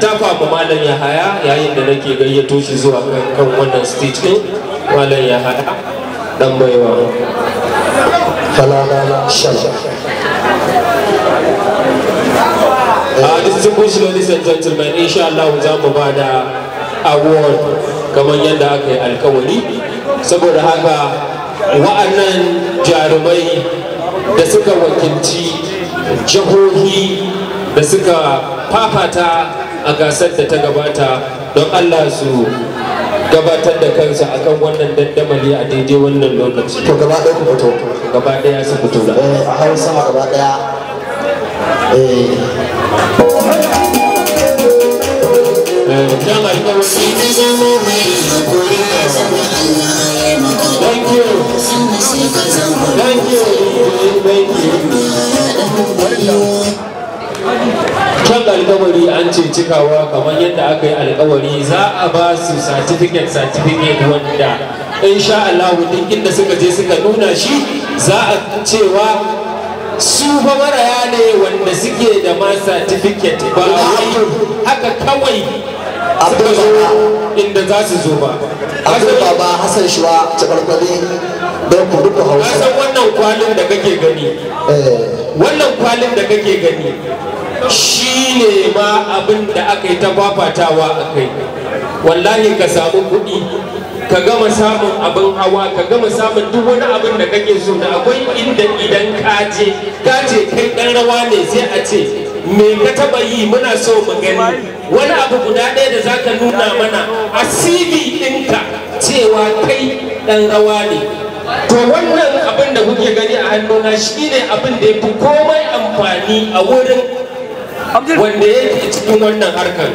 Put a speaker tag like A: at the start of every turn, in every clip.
A: tafa ma malam yahaya yayin da nake gayyato shi zuwa kan wannan stage din malam haya dan baiwa falala shala a ah, distinguished ladies and gentlemen insha Allah za mu ba da award kamar yadda aka yi alkawari saboda haka wa'annan jarumai da suka wakilci jihohi da suka fafata a gasar da ta gabata don allah su gabatar da kansa akan wannan daddamali a daidai wannan lokaci to gaba ɗaya ku fito gaba ɗaya su fito da eh, a har sama gaba ɗaya eh. Eh, Thank you. Thank you. Thank you. kyan alkawari an ce cikawa kamar yadda aka yi alkawari za a ba su certificate certificate wanda insha Allah duk inda suka je suka nuna shi za a cewa su fa maraya ne wanda suke da ma certificate ba wai haka kawai suka zo inda za su zo ba Abdul Baba Hassan Shuwa Jabarkwale don ku duka Hausa. Ka san wannan kwalin da kake gani. Eh. Wannan kwalin da kake gani. shi ne ma abin da aka yi ta fafatawa a kai wallahi ka samu kuɗi ka gama samun abin hawa ka gama samun duk wani abin da kake so da akwai inda idan kaje, je kai ɗan rawa ne sai a ce me ka taba yi muna so mu gani wani abu guda ɗaya da za ka nuna mana a cv ɗinka cewa kai ɗan rawa ne to wannan abin da kuke gani a hannuna shine abin da ya fi komai amfani a wurin wanda ya yake cikin wannan harkar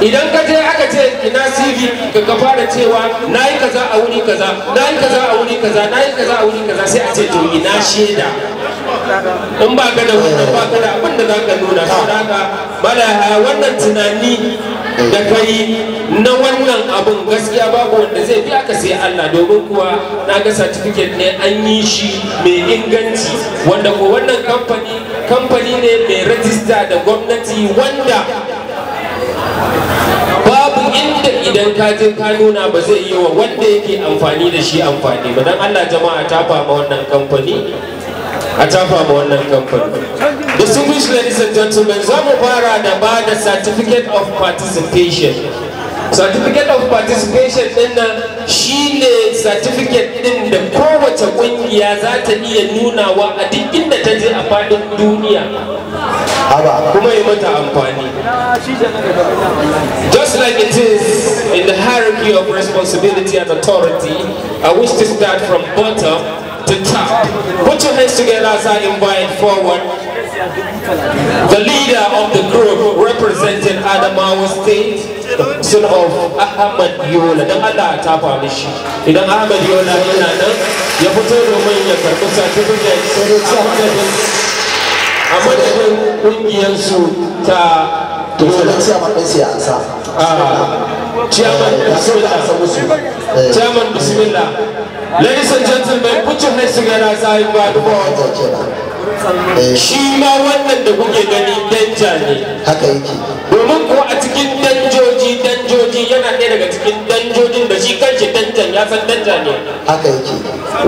A: idan ka je aka ce ina cv ka fara cewa na yi kaza a wuri kaza na yi kaza kaza na yi kaza a wuri kaza sai a ce to ina shaida in ba ka da wannan ba ka da abin da za ka nuna su ka bala wannan tunani da kai na wannan abun gaskiya babu wanda zai fi aka sai Allah domin kuwa na ga certificate ne an yi shi mai inganci wanda ko wannan kamfani kamfani ne mai rajista da gwamnati wanda inda idan ka je ka nuna ba zai yi wa wanda yake amfani da shi amfani ba dan Allah jama'a ta fama wannan kamfani a ta fama wannan kamfani distinguished ladies and gentlemen za mu fara da ba da certificate of participation certificate of participation din nan shine certificate din da kowace kungiya za ta iya nunawa a duk inda ta je a faɗin duniya kuma yi mata amfani just like it is in the hierarchy of responsibility and authority I wish to start from bottom to top put your hands together as I invite forward the leader of the group representing Adamawa State son of Ahmad Yola other top ta the shi idan Ahmad Yola yana nan ya fito domin ya karɓi certificate a madadin a madadin kungiyarsu ta turai ciyaman ɗin ciyaman ah, eh, bismillah eh. ciyaman bismillah ladies and gentlemen put your hands together as I eh, shi ma wannan da kuke gani danja ne haka yake domin ko a cikin yana ɗaya daga cikin danjojin da shi kanshi danjan ya san danja ne haka yake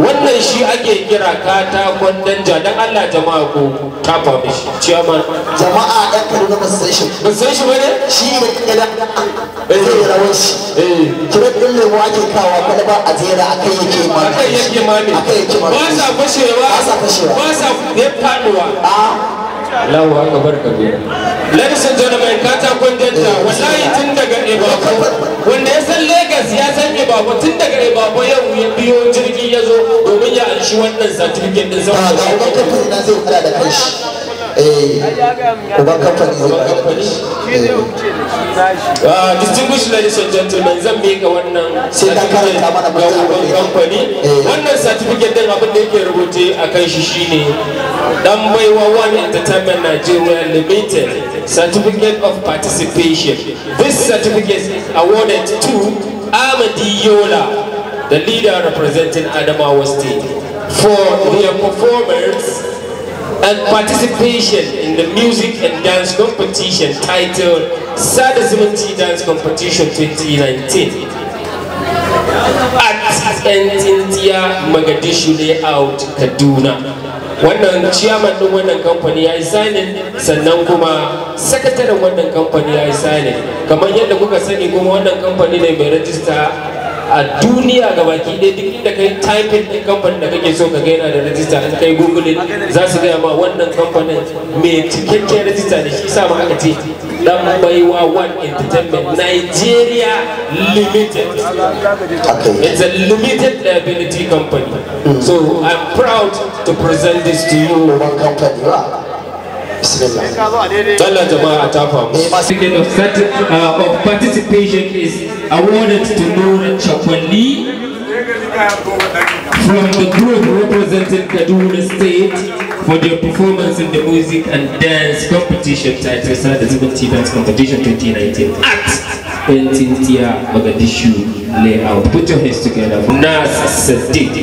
A: wannan shi ake kira katakon danja don allah jama'a ko ta fami shi jama'a. jama'a ɗan kaduna ba su san shi ba san shi ba ne shi ne kada zai yi rawar shi din eh. ɗin mu ake kawa ba a jera a kai yake ma a kai yake ma ne ba sa fashewa ba sa fashewa ba sa faɗuwa Allahu akbar kabir ladies and gentlemen katakon danja eh. wallahi tun daga babo tun daga ya babo yau ya biyo jirgi ya zo domin ya anshi wannan certificate din zama ga uban kamfani na zai kula da kai shi eh, uban kamfani zai kula da kai shi ah, distinguished ladies and gentlemen zan bi wannan sai ka ga uban kamfani eh. wannan certificate din abin da yake rubuce a kan shi shine dan baiwa one entertainment Nigeria limited certificate of participation this certificate awarded to Ahmed Yola, the leader representing Adamawa State, for their performance and participation in the music and dance competition titled Sadazimunti Dance Competition 2019 at Entintia Mogadishu Layout, Kaduna. wannan ciyaman din wannan kamfani ya yi sani sannan kuma sakataren wannan kamfani ya yi sani kamar yadda kuka sani kuma wannan kamfani ne mai rajista a duniya ga baki ɗaya duk inda kai typing ɗin kamfanin da kake so ka gaina da rajista in kai google za su gaya ma wannan kamfanin mai cikakken rajista da shi sa ma aka ce dan baiwa one entertainment nigeria limited it's a limited liability company mm. so i'm proud to present this to you Certificate jama'a ta of participation is awarded to Nora Chakwali from the group representing Kaduna State for their performance in the music and dance competition titled Sadazimati Dance Competition 2019 at Entintia Mogadishu Layout. Put your hands together for Nas Sadiq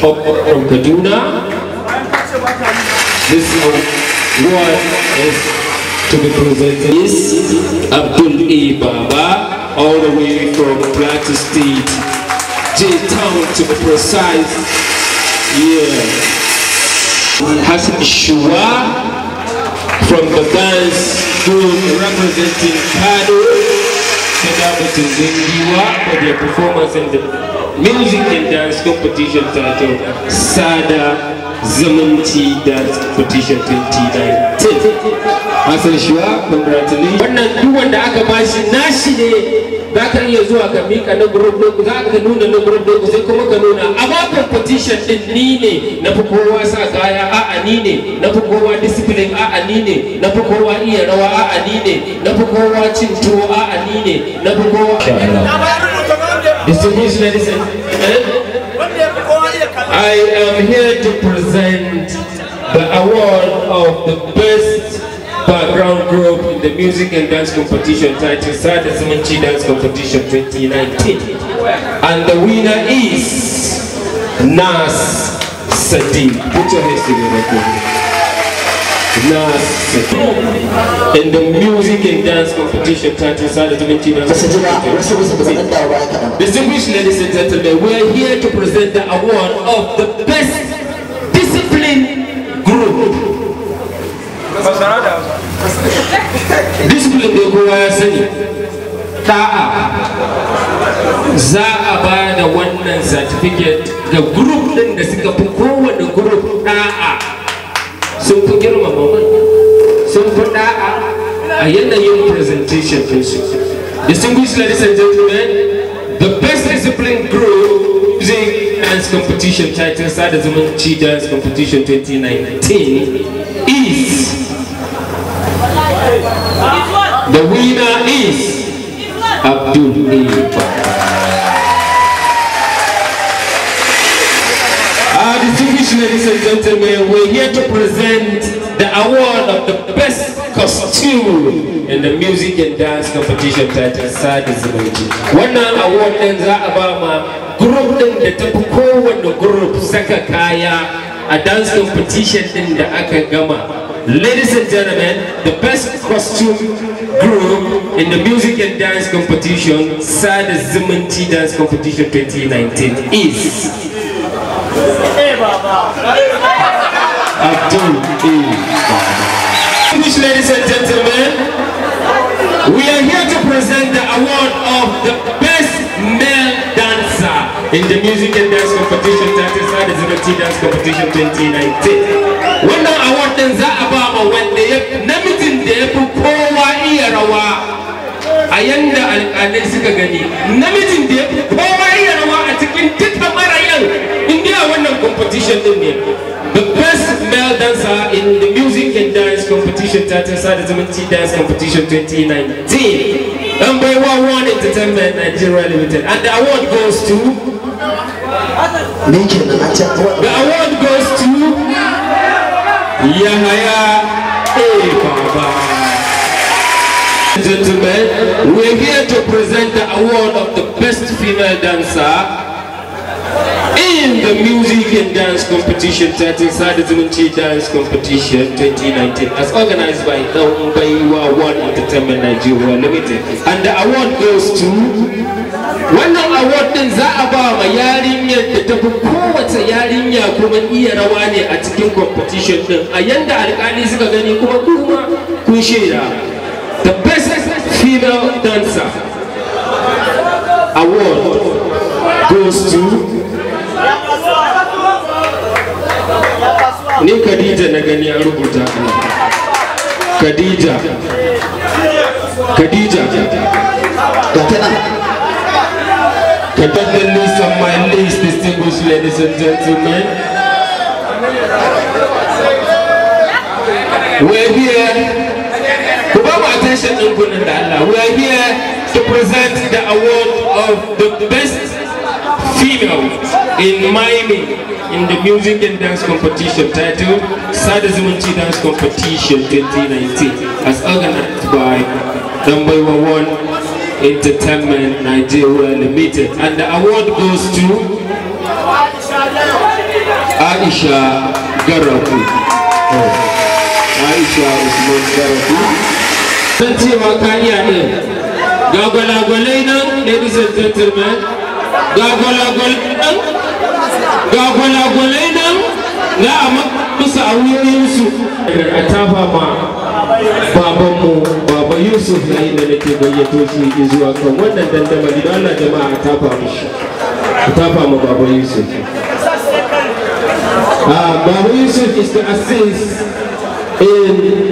A: from Kaduna. This is what is to be presented is Abdul E. Baba, all the way from Plateau State, J-Town to be precise. Yeah. Hassan Shua from the dance group representing Kado, Kadabu Tinzingiwa for their performance in the music and dance competition titled Sada zumunci da petition 2019 hassan shuwa congratulations wannan duk wanda aka bashi nashi ne za ka iya zuwa ka mika na group doku za ka nuna na group doku sai kuma ka nuna a bakon petition din ni ne na fi kowa sa kaya a ni ne na fi kowa discipline a ni ne na fi kowa iya rawa a ni ne na fi kowa cin tuwo a ni ne na fi kowa distribution medicine I am here to present the award of the best background group in the music and dance competition titled Sada Simanchi Dance Competition 2019. And the winner is Nas Sadiq. Put your hands together for in the music and dance competition that decided to Distinguished ladies and gentlemen, we're here to present the award of the best discipline group. Discipline group, kowa ta'a za a certificate the group din da suka the kowane group a yanayin presentation ɗinsu distinguished ladies and gentlemen the best discipline group music dance competition title titan sada zumunci dance competition 2019 is the winner is Abdul Our ah, distinguished ladies and gentlemen, we're here to present the award of the best costume in the music and dance competition titled Sadi Zumunci. Wannan award ɗin za a ba ma group ɗin da ta fi kowanne group saka kaya a dance competition ɗin da aka gama. Ladies and gentlemen, the best costume group in the music and dance competition, Sad Zimunti Dance Competition 2019 is eh, Abdul speech, ladies and gentlemen. We are here to present the award of the best male dancer in the music and dance competition Tatisar Ziroti Dance Competition 2019. When the award din za when they ma wanda ya namijin da ya fi kowa iya rawa a yanda alƙalai suka gani namijin da ya fi kowa competition din the best male dancer in the music and Championship that Sadism dance Competition 2019. Number One One Entertainment Nigeria Limited. And the award goes to... The award goes to... Yahaya A. Baba. Gentlemen, we're here to present the award of the best female dancer the Music and Dance Competition titled Sadazumunchi Dance Competition 2019 as organized by the Mbaiwa One Entertainment Nigeria Limited. And the award goes to... Wannan award din za a ba ma yarinyar da ta fi kowace yarinya kuma iya rawa ne a cikin competition din. A yanda alkali suka gani kuma kuma kun shaida. The best female dancer award goes to ni khadija na gani an rubuta ana khadija khadija ga tana the Contentedly on my list, distinguished ladies and gentlemen. We're here to attention in Kunandala. We are here to present the award of the best female in Miami, in the music and dance competition titled Sada Zimunchi Dance Competition 2019 as organized by number one Entertainment Nigeria Limited and the award goes to Aisha Garabu oh. Aisha Usman Garabu ladies and gentlemen, Gagolagolay nan, ga gwalagwalai nan za a musu a wurinsu a tafa ma babanmu baba yusuf na nake gayyato shi kan wannan dandamali don allah jama'a a tafa mishi a tafa ma baba yusuf ah, baba yusuf is the assist in